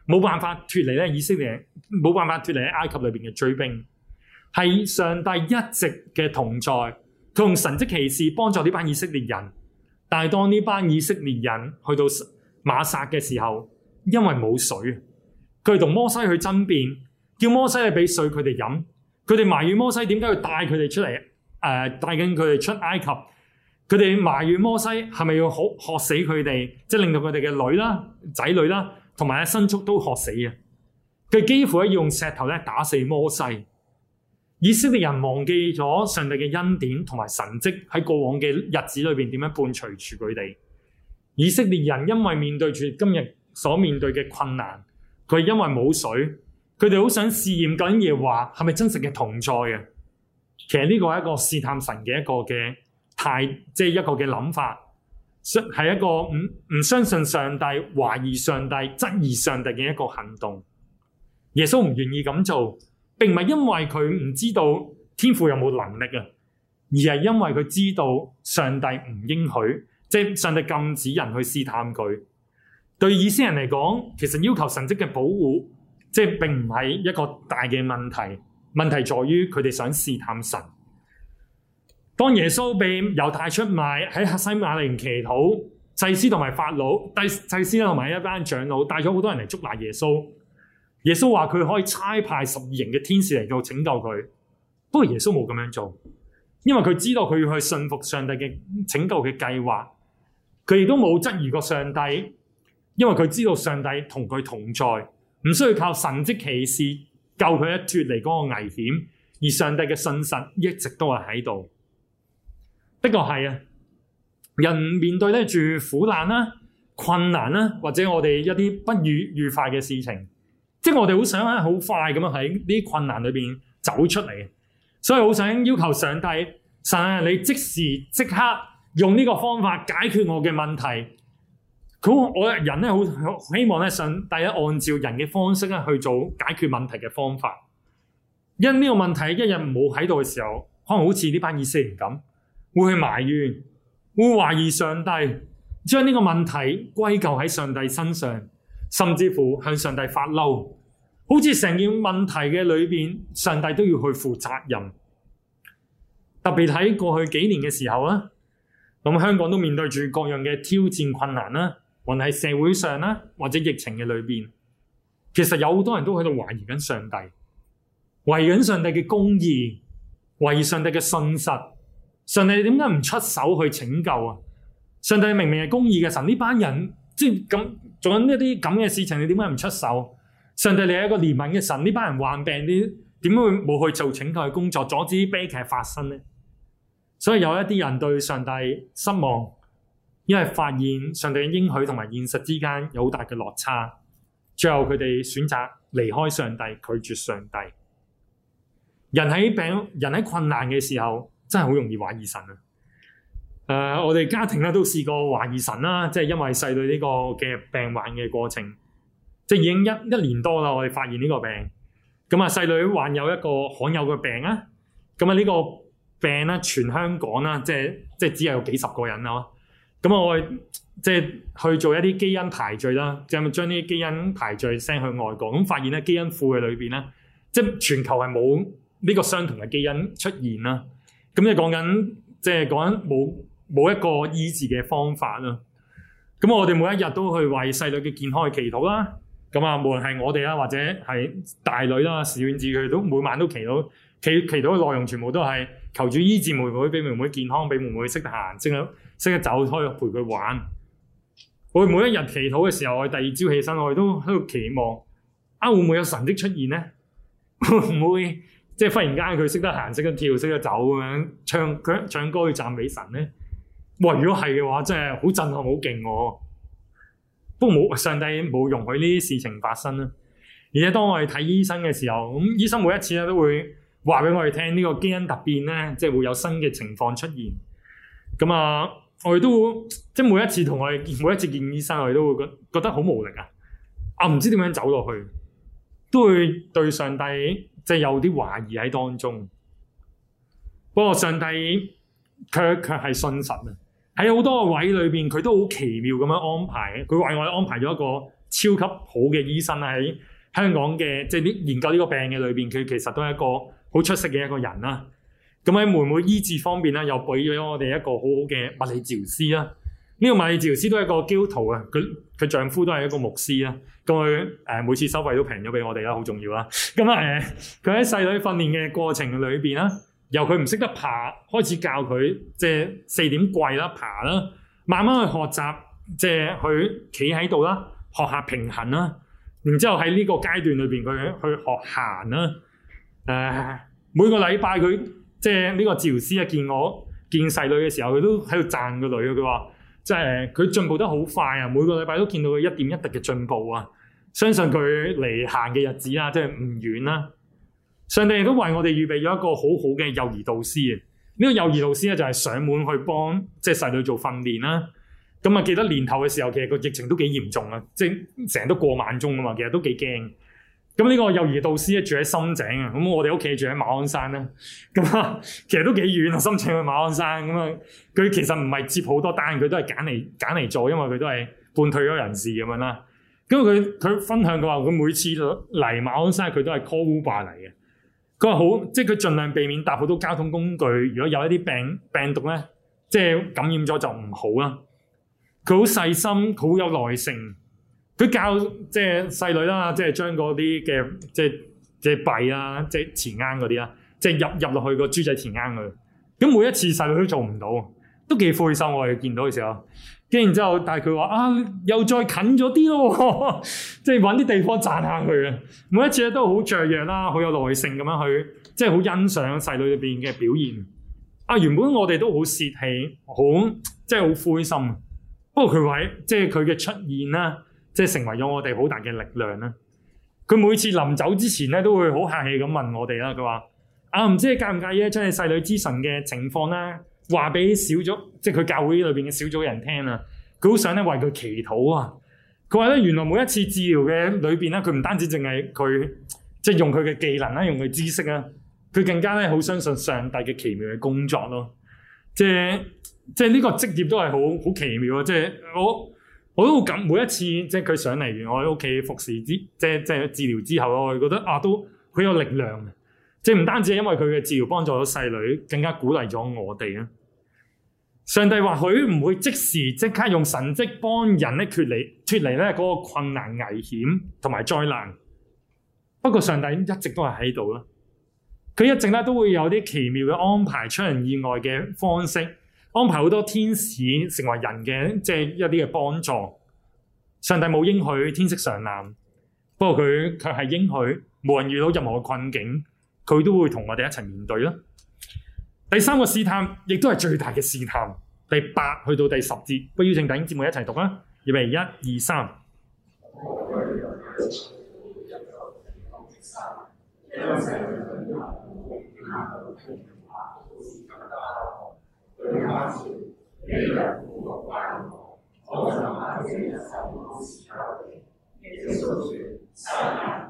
冇辦法脫離以色列人，冇辦法脫離喺埃及裏面嘅追兵，係上帝一直嘅同在。.佢用神跡奇事幫助呢班以色列人，但係當呢班以色列人去到瑪撒嘅時候，因為冇水，佢哋同摩西去爭辯，叫摩西啊俾水佢哋飲。佢哋埋怨摩西點解要帶佢哋出嚟？誒，帶緊佢哋出埃及，佢哋埋怨摩西係咪要渴死佢哋，即令到佢哋嘅女啦、仔女啦，同埋啊牲畜都渴死。佢幾乎要用石頭咧打死摩西。以色列人忘記咗上帝嘅恩典同埋神蹟喺過往嘅日子裏邊點樣伴隨住佢哋。以色列人因為面對住今日所面對嘅困難，佢因為冇水，佢哋好想試驗緊耶和華係咪真實嘅同在。其實呢個係一個試探神嘅一個嘅態，即係一個嘅諗法，係一個唔唔相信上帝、懷疑上帝、質疑上帝嘅一個行動。耶穌唔願意咁做。並唔係因為佢唔知道天父有冇有能力呀，而係因為佢知道上帝唔應許，即上帝禁止人去試探佢。對以色列人嚟講，其實要求神蹟嘅保護，即並唔係一個大嘅問題。問題在於佢哋想試探神。當耶穌被猶太出賣，喺客西馬尼祈禱，祭司同埋法老、祭司同埋一班長老帶咗好多人嚟捉拿耶穌。耶穌話佢可以差派十二營嘅天使嚟，做拯救佢，不過耶穌冇咁樣做，因為佢知道佢要去信服上帝嘅拯救嘅計劃，佢亦都冇質疑過上帝，因為佢知道上帝同佢同在，唔需要靠神蹟奇事救佢一脫離嗰個危險，而上帝嘅信實一直都係喺度。的確係啊，人面對住苦難啦、困難啦，或者我哋一啲不愉愉快嘅事情。即係我哋好想喺好快咁喺呢啲困難裏面走出嚟，所以好想要求上帝，神你即時即刻用呢個方法解決我嘅問題。我人咧好希望呢，上帝按照人嘅方式去做解決問題嘅方法。因呢個問題一日冇喺度嘅時候，可能好似呢班以色列人咁，會去埋怨，會懷疑上帝，將呢個問題歸咎喺上帝身上。甚至乎向上帝發嬲，好似成件問題嘅裏邊，上帝都要去負責任。特別喺過去幾年嘅時候啦，咁香港都面對住各樣嘅挑戰困難啦，無論係社會上啦，或者疫情嘅裏邊，其實有好多人都喺度懷疑緊上帝，懷疑緊上帝嘅公義，懷疑上帝嘅信實，上帝點解唔出手去拯救啊？上帝明明係公義嘅神，呢班人即係咁。這做緊一啲咁嘅事情，你點解唔出手？上帝，你係一個憐憫嘅神，呢班人患病，你點解冇去做拯救嘅工作，阻止悲劇發生呢？所以有一啲人對上帝失望，因為發現上帝嘅應許同埋現實之間有好大嘅落差，最後佢哋選擇離開上帝，拒絕上帝。人喺病人喺困難嘅時候，真係好容易懷疑神啊！誒、呃，我哋家庭咧都試過懷疑神啦、啊，即係因為細女呢個嘅病患嘅過程，即係已經一一年多啦。我哋發現呢個病，咁啊，細女患有一個罕有嘅病啦，咁啊，呢個病咧、啊，全香港啦、啊，即係即係只有幾十個人啦、啊、咁我哋即係去做一啲基因排序啦、啊，即係將啲基因排序 send 去外國，咁發現咧基因庫嘅裏邊咧，即係全球係冇呢個相同嘅基因出現啦、啊。咁你講講緊，即係講緊冇。冇一個醫治嘅方法啦。咁我哋每一日都去為細女嘅健康去祈禱啦。咁啊，無論係我哋啦，或者係大女啦，小丸子佢哋都每晚都祈禱。祈祈禱嘅內容全部都係求主醫治妹妹，俾妹妹健康，俾妹妹識得行，識得識得走，可以陪佢玩。我哋每一日祈禱嘅時候，我哋第二朝起身，我哋都喺度期望啊，會唔會有神跡出現咧？ 會唔會即係、就是、忽然間佢識得行、識得跳、識得走咁樣唱唱唱歌要讚美神咧？哇！如果係嘅話，真係好震撼，好勁喎。不過冇上帝冇容許呢啲事情發生啦。而且當我哋睇醫生嘅時候，咁醫生每一次咧都會話俾我哋聽呢個基因突變咧，即係會有新嘅情況出現。咁啊，我哋都會即係每一次同我哋見，每一次見醫生，我哋都會覺覺得好無力啊！我唔知點樣走落去，都會對上帝即係有啲懷疑喺當中。不過上帝卻卻係信實啊！喺好多個位裏面，佢都好奇妙咁樣安排。佢為我哋安排咗一個超級好嘅醫生，喺香港嘅即係研究呢個病嘅裏面，佢其實都係一個好出色嘅一個人啦。咁喺妹妹醫治方面咧，又俾咗我哋一個好好嘅物理治療師啦。呢個物理治療師都係一個基督徒啊，佢佢丈夫都係一個牧師啦。咁佢每次收費都平咗俾我哋啦，好重要啦。咁啊佢喺細女訓練嘅過程裏面啦。由佢唔識得爬開始教佢即係四點跪啦、爬啦，慢慢去學習即係佢企喺度啦、學下平衡啦，然之後喺呢個階段裏面，佢去學行啦。誒、呃、每個禮拜佢即係呢個治療師啊見我見細女嘅時候，佢都喺度讚個女嘅佢話：「即係佢進步得好快呀，每個禮拜都見到佢一點一滴嘅進步呀。」相信佢離行嘅日子啦，即係唔遠啦。上帝都為我哋預備咗一個好好嘅幼兒導師啊！呢、這個幼兒導師咧就係上門去幫即係、就是、細女做訓練啦。咁啊記得年頭嘅時候，其實個疫情都幾嚴重啊，即係成日都過萬宗啊嘛。其實都幾驚。咁呢個幼兒導師咧住喺深井啊，咁我哋屋企住喺馬鞍山咧，咁啊其實都幾遠啊，深井去馬鞍山咁啊。佢其實唔係接好多單，佢都係揀嚟揀嚟做，因為佢都係半退休人士咁樣啦。咁佢佢分享佢話，佢每次嚟馬鞍山，佢都係 call 爸嚟嘅。佢話好，即係佢盡量避免搭好多交通工具。如果有一啲病病毒咧，即係感染咗就唔好啦、啊。佢好細心，好有耐性。佢教即係細女啦，即係將嗰啲嘅即係即係幣啦，即係錢罌嗰啲啦，即係、啊、入入落去個豬仔錢罌佢。咁每一次細女都做唔到，都幾灰心。我哋見到嘅時候。跟然之後，但係佢話啊，又再近咗啲咯，即係搵啲地方讚下佢。每一次咧都好雀躍啦，好有耐性咁樣去，即係好欣賞細女入面嘅表現。啊，原本我哋都好泄氣，好即係好灰心。不過佢喺即係佢嘅出現啦，即係成為咗我哋好大嘅力量啦。佢每次臨走之前咧，都會好客氣咁問我哋啦。佢話啊，唔知你介唔介意咧，出你細女之神嘅情況啦。話俾小組，即係佢教會裏面嘅小組人聽啊，佢好想咧為佢祈禱啊。佢話咧原來每一次治療嘅裏面咧，佢唔單止淨係佢即係用佢嘅技能啦，用佢知識啊，佢更加咧好相信上帝嘅奇妙嘅工作咯。即係即係呢個職業都係好好奇妙啊！即係我我都好感每一次即係佢上嚟完我喺屋企服侍之即係即係治療之後，我覺得啊都好有力量。即唔單止係因為佢嘅治療幫助了細女，更加鼓勵咗我哋。上帝或許唔會即時即刻用神蹟幫人咧脱離嗰個困難、危險同埋災難。不過上帝一直都係喺度他佢一直都會有啲奇妙嘅安排，出人意外嘅方式安排好多天使成為人嘅一啲嘅幫助。上帝冇應許天色常藍，不過佢卻係應許冇人遇到任何嘅困境。佢都會同我哋一齊面對咯。第三個試探，亦都係最大嘅試探。第八去到第十節，我邀請弟兄姊妹一齊讀啊！預備，一、二、三。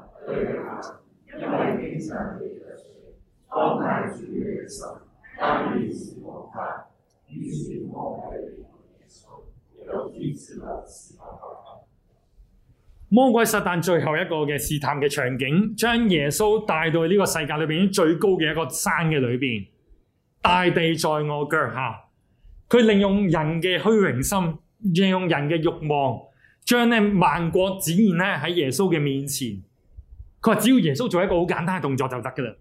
魔鬼撒但最後一個嘅試探嘅場景，將耶穌帶到呢個世界裏邊最高嘅一個山嘅裏邊，大地在我腳下。佢利用人嘅虛榮心，利用人嘅欲望，將呢萬國展現呢喺耶穌嘅面前。佢話只要耶穌做一個好簡單嘅動作就得噶啦，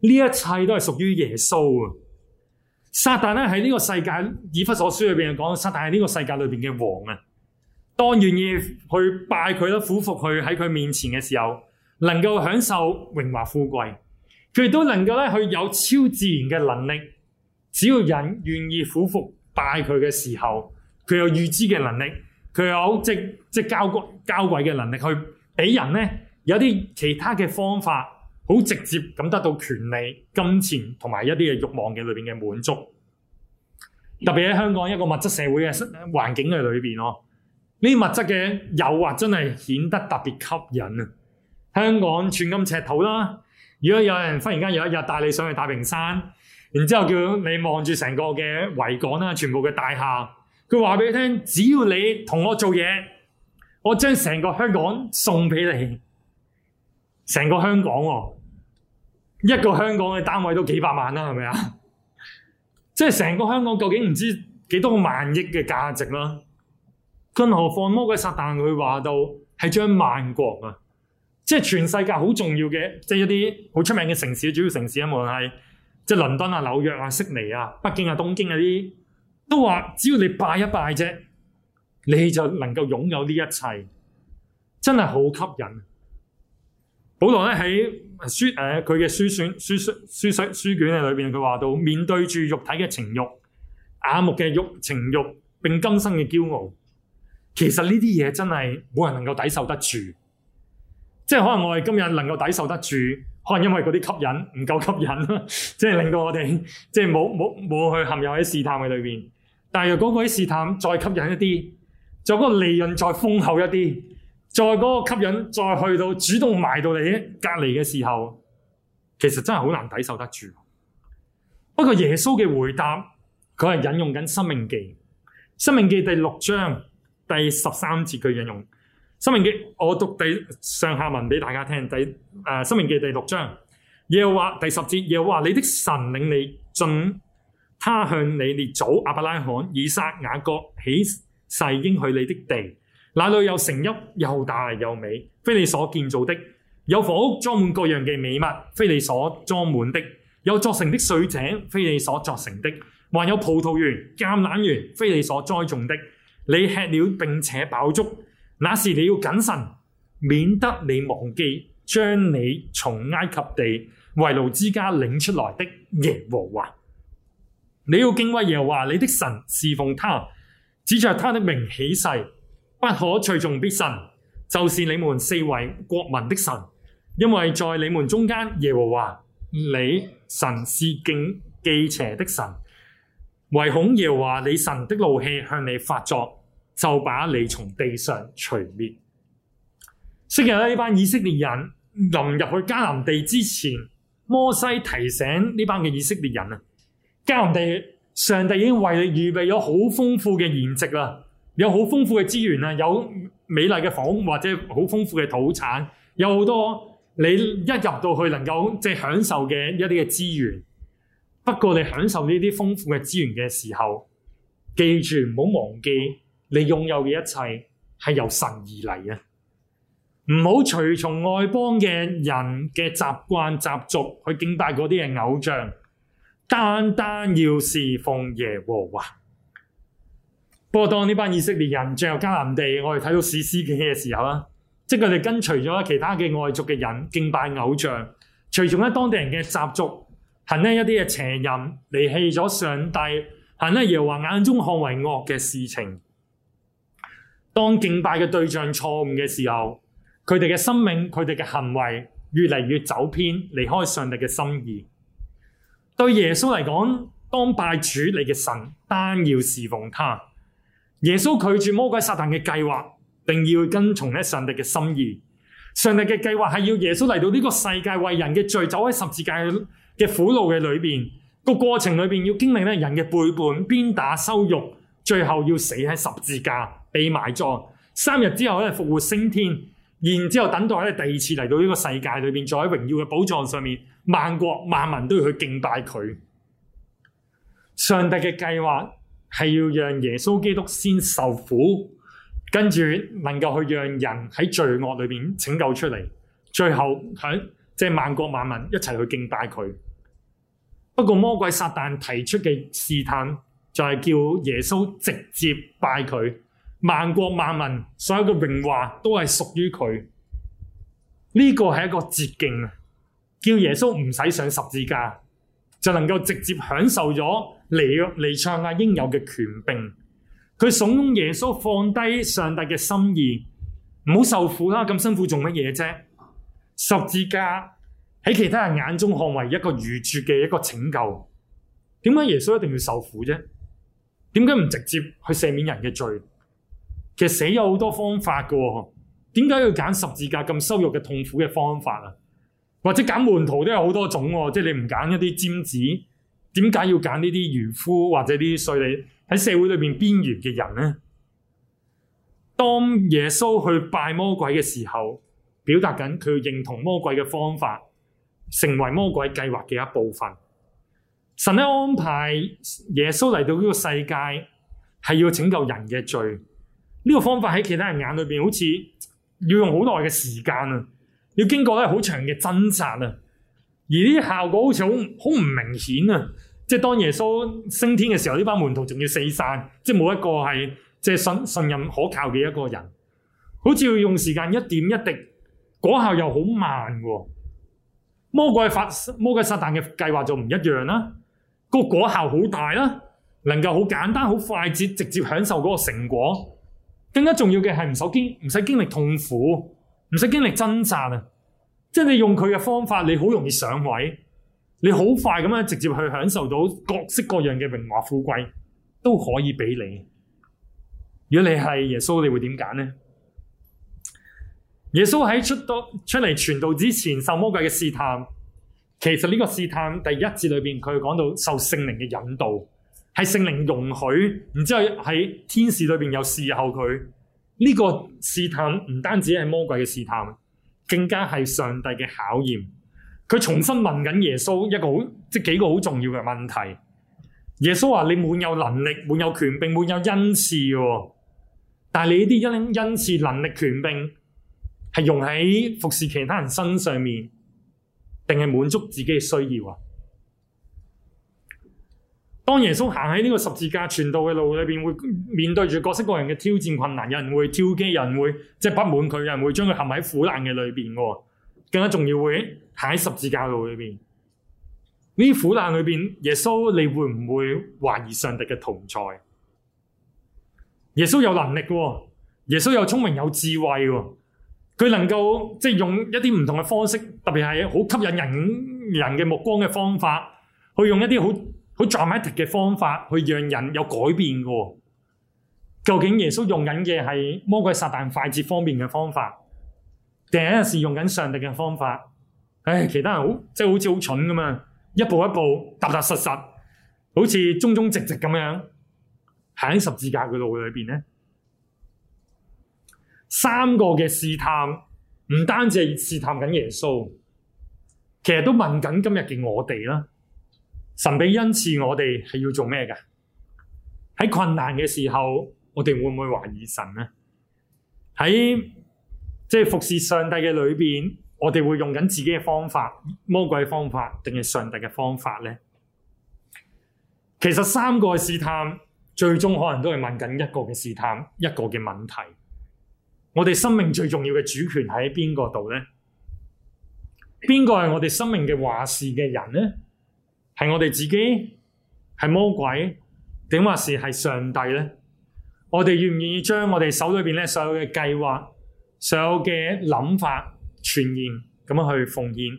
呢一切都係屬於耶穌啊！撒旦呢，喺呢個世界《以弗所書》裏面講，撒旦係呢個世界裏面嘅王啊。當願意去拜佢啦，俯伏佢喺佢面前嘅時候，能夠享受榮華富貴，佢亦都能夠去有超自然嘅能力。只要人願意俯伏拜佢嘅時候，佢有預知嘅能力，佢有即即交交鬼嘅能力，去俾人呢，有啲其他嘅方法。好直接咁得到權利、金錢同埋一啲嘅慾望嘅裏面嘅滿足，特別喺香港一個物質社會嘅環境嘅裏面。喎，呢啲物質嘅誘惑真係顯得特別吸引。香港寸金尺土啦，如果有人忽然間有一日帶你上去太平山，然後叫你望住成個嘅維港啦，全部嘅大廈，佢話俾你聽，只要你同我做嘢，我將成個香港送俾你，成個香港喎。一個香港嘅單位都幾百萬啦，係咪啊？即、就是、整成個香港究竟唔知幾多個萬億嘅價值啦。更何況魔鬼撒但佢話到係將萬國啊，即、就是、全世界好重要嘅，即、就、係、是、一啲好出名嘅城市，主要城市啊，無論係即倫敦啊、紐約啊、悉尼啊、北京啊、東京嗰啲，都話只要你拜一拜啫，你就能夠擁有呢一切，真係好吸引。保羅呢喺書佢嘅書選書書書卷嘅裏面，佢話到面對住肉體嘅情慾、眼目嘅慾情慾，並今生嘅驕傲，其實呢啲嘢真係冇人能夠抵受得住。即係可能我哋今日能夠抵受得住，可能因為嗰啲吸引唔夠吸引，即係令到我哋即係冇冇冇去陷入喺試探嘅裏面。但係若嗰個啲試探再吸引一啲，就嗰個利潤再豐厚一啲。再嗰個吸引，再去到主動埋到你隔離嘅時候，其實真係好難抵受得住。不過耶穌嘅回答，佢係引用緊《申命記》，《申命記》第六章第十三節佢引用。《申命記》，我讀第上下文畀大家聽。第誒、呃《申命記》第六章又話第十節，又話你的神領你進他向你列祖亞伯拉罕、以撒、雅各起誓應許你的地。那裏有城邑又大又美，非你所建造的；有房屋裝滿各樣嘅美物，非你所裝滿的；有作成的水井，非你所作成的；還有葡萄園、橄欖園，非你所栽種的。你吃了並且飽足，那時你要謹慎，免得你忘記將你從埃及地為奴之家領出來的耶和華。你要敬畏耶和華你的神，侍奉他，指着他的名起誓。不可隨從別神，就是你們四圍國民的神，因為在你們中間耶和華你神是敬忌邪的神，唯恐耶和華你神的怒氣向你發作，就把你從地上除滅。昔日呢班以色列人臨入去迦南地之前，摩西提醒呢班嘅以色列人，迦南地上帝已經為你預備咗好豐富嘅筵席啦。有好豐富嘅資源啊，有美麗嘅房屋或者好豐富嘅土產，有好多你一入到去能夠享受嘅一啲嘅資源。不過你享受呢啲豐富嘅資源嘅時候，記住唔好忘記你擁有嘅一切係由神而嚟啊。唔好隨從外邦嘅人嘅習慣、習俗去敬拜嗰啲嘅偶像，單單要侍奉耶和華。不過當呢班以色列人進入迦南地，我哋睇到士師記嘅時候，即佢哋跟隨咗其他嘅外族嘅人敬拜偶像，隨從咗當地人嘅習俗，行呢一啲嘅邪淫，離棄咗上帝，行呢耶和華眼中看為惡嘅事情。當敬拜嘅對象錯誤嘅時候，佢哋嘅生命，佢哋嘅行為越嚟越走偏，離開上帝嘅心意。對耶穌嚟講，當拜主，你嘅神，單要侍奉他。耶穌拒絕魔鬼撒旦嘅計劃，定要跟從上帝嘅心意。上帝嘅計劃係要耶穌嚟到呢個世界為人嘅罪，走喺十字架嘅苦路嘅裏面。這個過程裏面要經歷人嘅背叛、鞭打、羞辱，最後要死喺十字架被埋葬，三日之後咧復活升天，然之後等待第二次嚟到呢個世界裏面，在喺榮耀嘅寶座上面，萬國萬民都要去敬拜佢。上帝嘅計劃。是要讓耶穌基督先受苦，跟住能夠去讓人喺罪惡裏面拯救出嚟，最後向即係萬國萬民一齊去敬拜佢。不過魔鬼撒旦提出嘅試探，就係叫耶穌直接拜佢，萬國萬民所有嘅榮華都係屬於佢。呢、這個是一個捷徑，叫耶穌唔使上十字架，就能夠直接享受咗。嚟唱啊，應有嘅權柄。佢慫恿耶穌放低上帝嘅心意，唔好受苦啦，咁辛苦做乜嘢啫？十字架喺其他人眼中看為一個愚拙嘅一個拯救。點解耶穌一定要受苦啫？點解唔直接去赦免人嘅罪？其實死有好多方法喎。點解要揀十字架咁羞辱嘅痛苦嘅方法？或者揀門徒都有好多種，即係你唔揀一啲尖子。點解要揀呢啲漁夫或者啲稅吏，喺社會裏邊邊緣嘅人咧？當耶穌去拜魔鬼嘅時候，表達緊佢認同魔鬼嘅方法，成為魔鬼計劃嘅一部分。神咧，安排耶穌嚟到呢個世界，係要拯救人嘅罪。呢、呢個方法喺其他人眼裏邊好似要用好耐嘅時間啊，要經過咧好長嘅掙扎啊，而呢啲效果好似好好唔明顯啊！即係當耶穌升天嘅時候，呢班門徒仲要四散，即係冇一個係信任可靠嘅一個人。好似要用時間一點一滴，果效又好慢嘅。魔鬼法魔鬼撒旦嘅計劃就唔一樣啦，個果效好大啦，能夠好簡單好快捷直接享受嗰個成果。更加重要嘅係唔使經歷痛苦，唔使經歷掙扎，即你用佢嘅方法，你好容易上位。你好快直接去享受到各式各樣嘅榮華富貴都可以俾你。如果你係耶穌，你會點揀呢？耶穌喺出道出嚟傳道之前受魔鬼嘅試探，其實呢個試探第一節裏面，佢講到受聖靈嘅引導，係聖靈容許，然之後喺天使裏面又侍候佢。呢、呢個試探唔單止係魔鬼嘅試探，更加係上帝嘅考驗。佢重新問緊耶穌一個好即幾個好重要嘅問題。耶穌話：你沒有能力，沒有權柄，沒有恩賜。但係，你呢啲恩恩賜、能力、權柄係用喺服侍其他人身上面，定係滿足自己嘅需要啊？當耶穌行喺呢個十字架傳道嘅路裏面，會面對住各式各樣嘅挑戰困難，有人會跳機，有人會即係不滿佢，有人會將佢陷喺苦難嘅裏面。更加重要會。喺十字架路裏面，呢啲苦難裏面，耶穌你會唔會懷疑上帝嘅同在？耶穌有能力，耶穌有聰明有智慧，他佢能夠用一啲唔同嘅方式，特別係好吸引人人嘅目光嘅方法，去用一啲好 dramatic 嘅方法去讓人有改變嘅。究竟耶穌用緊嘅係魔鬼撒旦快捷方便嘅方法，定係是用緊上帝嘅方法？唉，其他人好，即好似好蠢咁啊！一步一步踏踏實實，好似忠忠直直咁樣，行喺十字架嘅路裏面呢，三個嘅試探，唔單止係試探緊耶穌，其實都問緊今日嘅我哋啦。神俾恩賜我哋係要做咩㗎？喺困難嘅時候，我哋會唔會懷疑神呢？喺即、就是、服侍上帝嘅裏面。我哋會用緊自己嘅方法，魔鬼嘅方法定係上帝嘅方法咧？其實三個嘅試探最終可能都係問緊一個嘅試探，一個嘅問題。我哋生命最重要嘅主權喺邊個度咧？邊個係我哋生命嘅話事嘅人咧？係我哋自己，係魔鬼，定話事係上帝咧？我哋願唔願意將我哋手裏邊咧所有嘅計劃，所有嘅諗法？全然，咁樣去奉獻，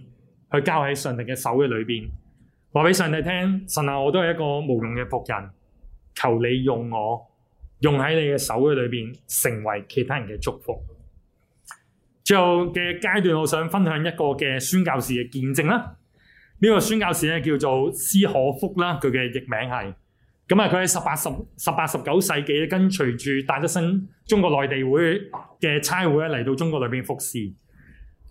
去交喺上帝嘅手嘅裏邊，話俾上帝聽，神啊，我都係一個無用嘅僕人，求你用我，用喺你嘅手嘅裏邊，成為其他人嘅祝福。最後嘅階段，我想分享一個嘅宣教士嘅見證啦。呢、這個宣教士咧叫做斯可福啦，佢嘅譯名係，咁啊，佢喺十八十十八十九世紀跟隨住戴德生中國內地會嘅差會嚟到中國裏邊服侍。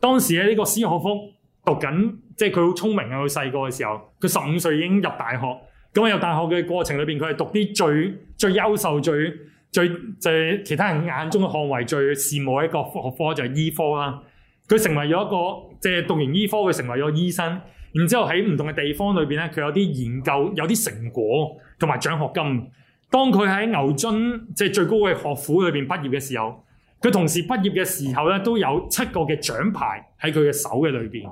當時呢個司可福讀緊，即係佢好聰明啊！佢細個嘅時候，佢十五歲已經入大學。咁入大學嘅過程裏面，佢係讀啲最最優秀、最最就係其他人眼中嘅學位、最羨慕嘅一個學科就係、是、醫科啦。佢成為咗一個即係讀完醫科，佢成為咗醫生。然之後喺唔同嘅地方裏面，咧，佢有啲研究，有啲成果同埋獎學金。當佢喺牛津即係最高嘅學府裏面畢業嘅時候。佢同時畢業嘅時候咧，都有七個嘅獎牌喺佢嘅手嘅裏面。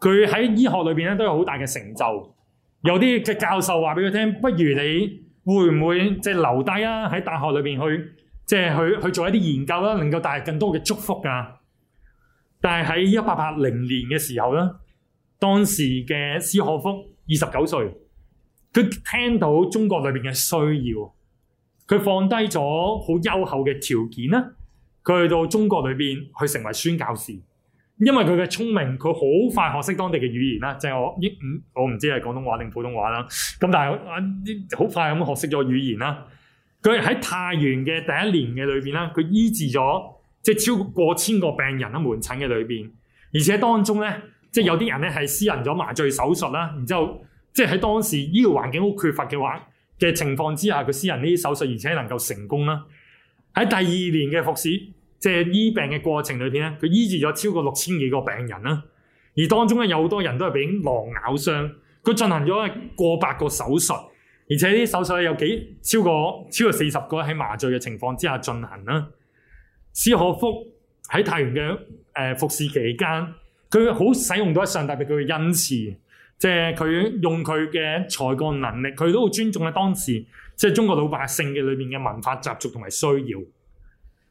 佢喺醫學裏面咧都有好大嘅成就。有啲嘅教授話俾佢聽，不如你會唔會即係留低啊？喺大學裏面去即係去去做一啲研究啦，能夠帶嚟更多嘅祝福呀。但係喺一八八零年嘅時候咧，當時嘅施可福二十九歲，佢聽到中國裏面嘅需要，佢放低咗好優厚嘅條件啦。佢去到中國裏面，佢成為宣教士，因為佢嘅聰明，佢好快學識當地嘅語言啦。即係我，我唔知係廣東話定普通話啦。咁但係好快咁學識咗語言啦。佢喺太原嘅第一年嘅裏面啦，佢醫治咗即係超過千個病人喺門診嘅裏面。而且當中咧，即係有啲人咧係私人咗麻醉手術啦，然之後即係喺當時醫療環境好缺乏嘅話嘅情況之下，佢私人呢啲手術而且能夠成功啦。喺第二年嘅服侍。即係醫病嘅過程裏邊咧，佢醫治咗超過六千幾個病人啦。而當中咧，有好多人都係俾狼咬傷，佢進行咗過百個手術，而且啲手術咧有幾超過超過四十個喺麻醉嘅情況之下進行啦。司可福喺太原嘅，誒、呃、服侍期間，佢好使用到一上特別佢嘅恩賜，即係佢用佢嘅才幹能力，佢都好尊重咧當時即係、就是、中國老百姓嘅裏邊嘅文化習俗同埋需要。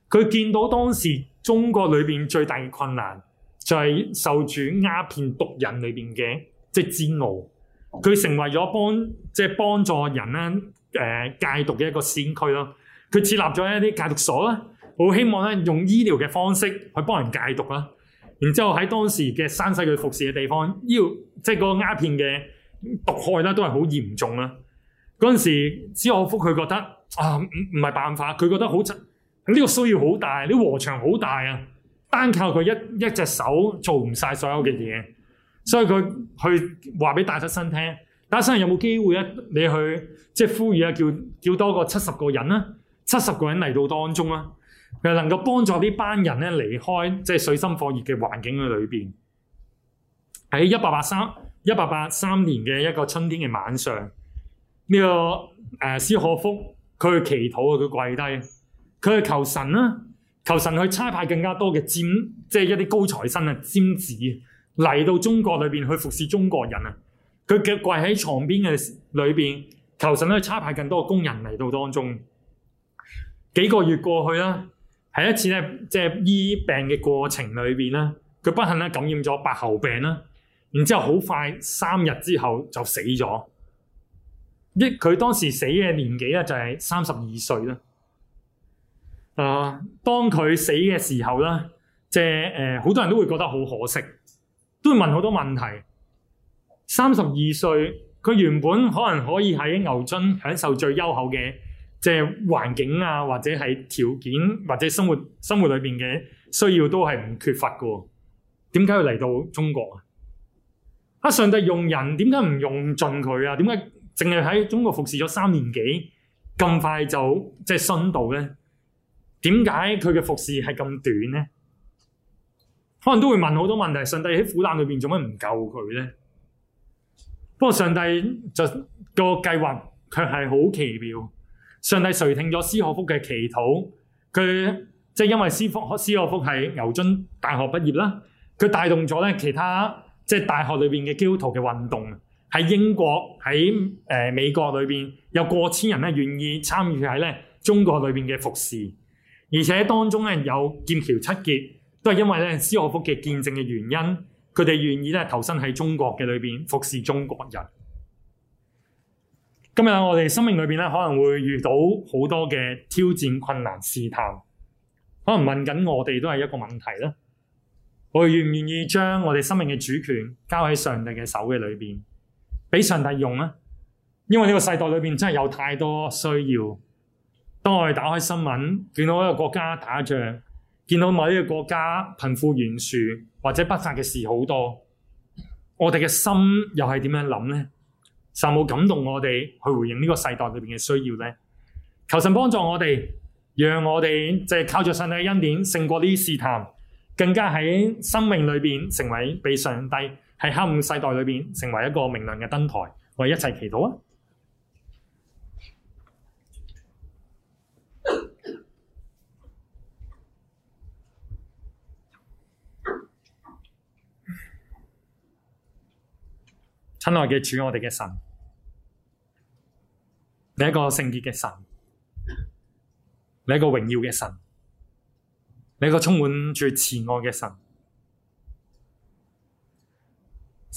佢見到當時中國裏面最大嘅困難就係受住鴉片毒癮裏面嘅煎熬。戰佢成為咗幫即助人咧誒戒毒嘅一個先驅，他佢設立咗一啲戒毒所啦，好希望用醫療嘅方式去幫人戒毒啦。然後後喺當時嘅山西佢服侍嘅地方，要即係個鴉片嘅毒害都係好嚴重啦。嗰陣時，施可福佢覺得啊，唔係係辦法，佢覺得好呢個需要好大，啲、這個、禾場好大啊！單靠佢一一隻手做唔晒所有嘅嘢，所以佢去話俾大學生聽，大學生有冇機會會你去即呼籲啊，叫叫多個七十個人啦，七十個人嚟到當中啦，能夠幫助呢班人離離開即、就是、水深火熱嘅環境裏裏在喺一八八三一八八三年嘅一個春天嘅晚上，呢、這個、呃、斯可福佢去祈禱他佢跪低。佢係求神，求神去差派更加多嘅尖，即係一啲高材生尖子嚟到中國裏面去服侍中國人啊。佢嘅跪喺床邊嘅裏面，求神去差派更多嘅工人嚟到當中。幾個月過去啦，喺一次呢，即係醫病嘅過程裏面呢，佢不幸感染咗白喉病啦，然後好快三日之後就死咗。佢當時死嘅年紀就係三十二歲。啊！當佢死嘅時候咧，即係誒，好多人都會覺得好可惜，都會問好多問題。三十二歲，佢原本可能可以喺牛津享受最優厚嘅即係環境啊，或者係條件，或者生活生活裏邊嘅需要都係唔缺乏噶。點解要嚟到中國啊？啊！上帝用人，點解唔用盡佢啊？點解淨係喺中國服侍咗三年幾，咁快就即係殉道咧？就是點解佢嘅服侍係咁短咧？可能都會問好多問題。上帝喺苦難裏邊做乜唔救佢咧？不過上帝就個計劃卻係好奇妙。上帝垂聽咗斯可福嘅祈禱。佢即係因為斯福斯可福係牛津大學畢業啦，佢帶動咗咧其他即係、就是、大學裏邊嘅基督徒嘅運動喺英國喺誒、呃、美國裏邊有過千人咧願意參與喺咧中國裏邊嘅服侍。而且當中有劍橋七傑，都係因為呢斯可福嘅見證嘅原因，佢哋願意投身喺中國嘅裏面，服侍中國人。今日我哋生命裏面可能會遇到好多嘅挑戰、困難、試探，可能問緊我哋都係一個問題啦。我哋願唔願意將我哋生命嘅主權交喺上帝嘅手嘅裏面，俾上帝用呢？因為呢個世代裏面真係有太多需要。當我哋打開新聞，見到一個國家打仗，見到某一個國家貧富懸殊或者不法嘅事好多，我哋嘅心又係點樣諗呢？神、就、冇、是、感動我哋去回應呢個世代裏面嘅需要呢？求神幫助我哋，讓我哋就係靠着上帝嘅恩典勝過呢啲試探，更加喺生命裏面成為被上帝喺黑暗世代裏面成為一個明亮嘅燈臺。我哋一齊祈禱啊！親愛嘅主，我哋嘅神，你係一個聖潔嘅神，你係一個榮耀嘅神，你係一個充滿最慈愛嘅神。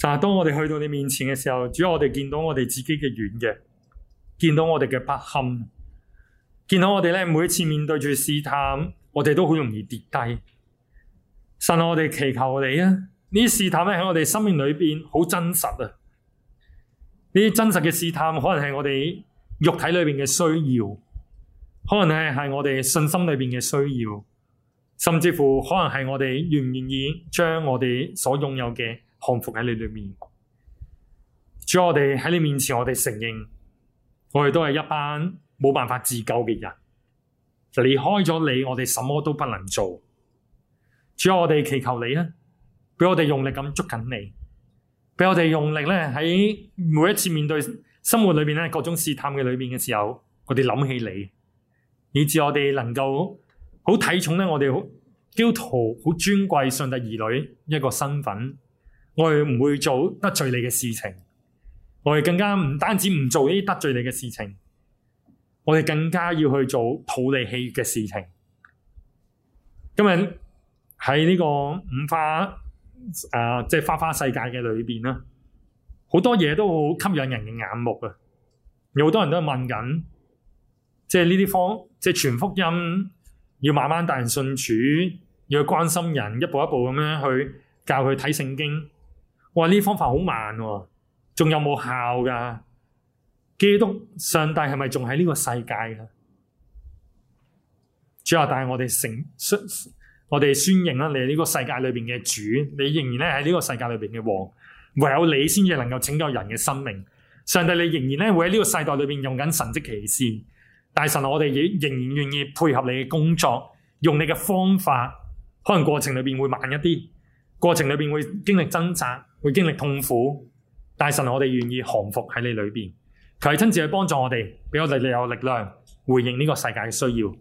但當我哋去到你面前嘅時候，主要我哋見到我哋自己嘅軟弱，見到我哋嘅不堪，見到我哋咧每一次面對住試探，我哋都好容易跌低。神，我哋祈求你啊！呢試探咧喺我哋生命裏邊好真實啊！呢啲真實嘅試探，可能係我哋肉體裏面嘅需要，可能係我哋信心裏面嘅需要，甚至乎可能係我哋願唔願意將我哋所擁有嘅降服喺你裏面。主，我哋喺你面前，我哋承認，我哋都係一班冇辦法自救嘅人。離開咗你，我哋什麼都不能做。主，我哋祈求你呢，俾我哋用力咁捉緊你。畀我哋用力呢，喺每一次面對生活裏面呢，各種試探嘅裏面嘅時候，我哋諗起你，以至我哋能夠好睇重呢。我哋好驕傲、好尊貴上帝兒女一個身份，我哋唔會做得罪你嘅事情，我哋更加唔單止唔做呢啲得罪你嘅事情，我哋更加要去做討你喜嘅事情。今日喺呢個五花。啊！即係花花世界嘅裏邊啦，好多嘢都好吸引人嘅眼目啊！有好多人都係問緊，即係呢啲方，即係全福音要慢慢帶人信主，要去關心人，一步一步咁樣去教佢睇聖經。我話呢啲方法好慢，仲有冇效噶？基督上帝係咪仲喺呢個世界啊？主要帶我哋成我哋宣認啦，你係呢個世界裏邊嘅主，你仍然咧喺呢個世界裏邊嘅王，唯有你先至能夠拯救人嘅生命。上帝，你仍然咧會喺呢個世代裏邊用緊神跡奇事。但神，我哋亦仍然願意配合你嘅工作，用你嘅方法，可能過程裏邊會慢一啲，過程裏邊會經歷掙扎，會經歷痛苦。但神，我哋願意降服喺你裏邊，求你親自去幫助我哋，俾我哋有力量回應呢個世界嘅需要。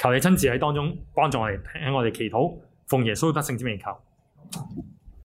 求你親自喺當中幫助我哋，喺我哋祈禱，奉耶穌得勝之名求。